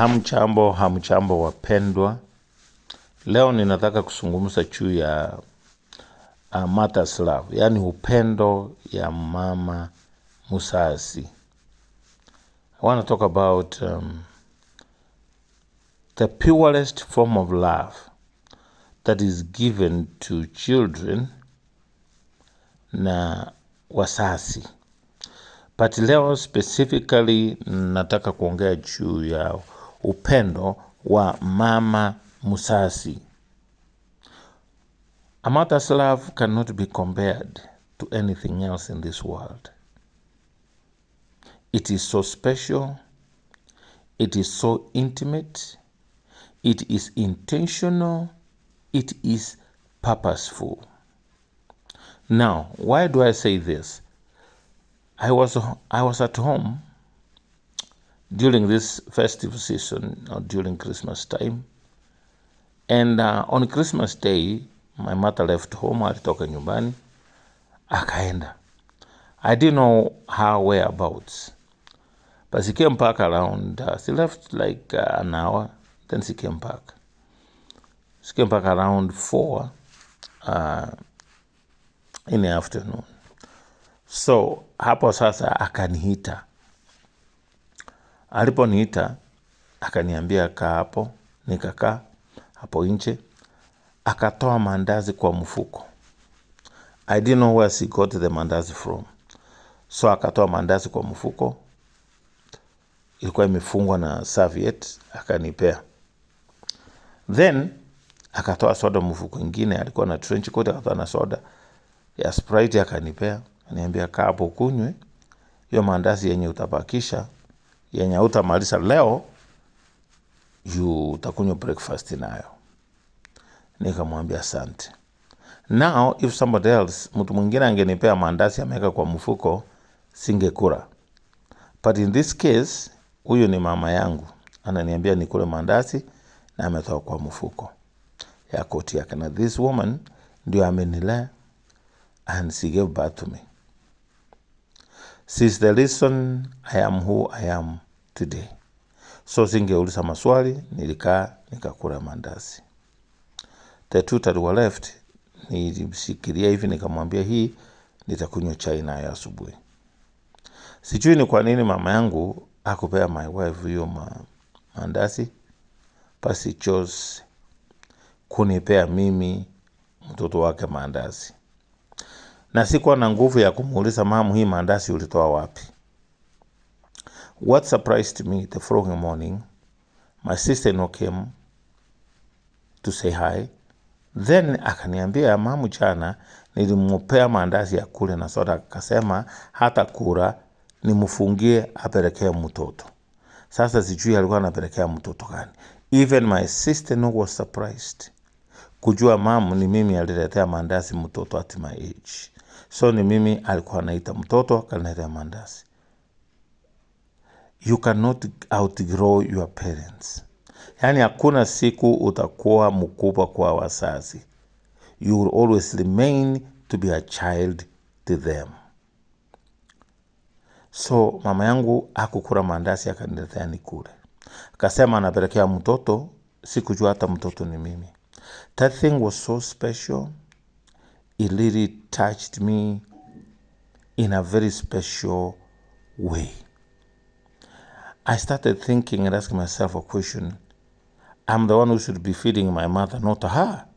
hamchambo hamchambo wapendwa. Leo ninataka kuzungumza juu ya uh, mother's love, yaani upendo ya mama mzazi. I want to talk about um, the purest form of love that is given to children na wazazi. But leo specifically nataka kuongea juu ya upendo wa Mama Musasi. a mother's love cannot be compared to anything else in this world. It is so special, it is so intimate, it is intentional, it is purposeful. Now, why do I say this? I was I was at home during this festive season or during Christmas time. And uh, on Christmas day, my mother left home, alitoka nyumbani akaenda. I didn't know her whereabouts. But she came back around, uh, she left like uh, an hour, then she came back. She came back around four uh, in the afternoon. So hapo sasa akaniita Aliponiita, akaniambia kaa hapo, nikakaa hapo nje, akatoa mandazi kwa mfuko. I didn't know where she got the mandazi from. So akatoa mandazi kwa mfuko, ilikuwa imefungwa na serviette, akanipea. Then akatoa soda mfuko ingine, alikuwa na trench coat, akatoa na soda ya Sprite akanipea, aniambia kaa hapo kunywe hiyo mandazi yenye utabakisha yenye utamaliza leo, utakunywa breakfast nayo. Nikamwambia asante. Now if somebody else, mtu mwingine angenipea mandasi ameweka kwa mfuko, singekula. But in this case, huyu ni mama yangu ananiambia nikule mandasi na ametoa kwa mfuko ya koti yake, na this woman ndio amenilea and she gave birth to me. Since the reason I am who I am today. So singeulisa maswali, nilikaa nikakula mandazi. The two that were left nilimshikilia hivi nikamwambia, hii nitakunywa chai nayo asubuhi. Sijui ni kwa nini mama yangu akupea my wife hiyo ma, mandazi basi chose kunipea mimi mtoto wake mandazi na sikuwa na nguvu ya kumuuliza mamu hii mandasi ulitoa wapi? What surprised me the following morning, my sister no came to say hi. Then akaniambia mamu, jana nilimupea mandasi ya kule na soda, akasema hata kura nimfungie apelekee mtoto. Sasa sijui alikuwa anapelekea mtoto gani. Even my sister no was surprised kujua mamu ni mimi aliletea mandasi mtoto at my age. So ni mimi alikuwa anaita mtoto akanileta mandazi. You cannot outgrow your parents. Yaani hakuna siku utakuwa mkubwa kwa wazazi. You will always remain to be a child to them. So mama yangu akukura mandazi akaniletea nikule. Akasema anapelekea mtoto, sikujua hata mtoto ni mimi. That thing was so special. it really touched me in a very special way. I started thinking and asking myself a question. I'm the one who should be feeding my mother, not her.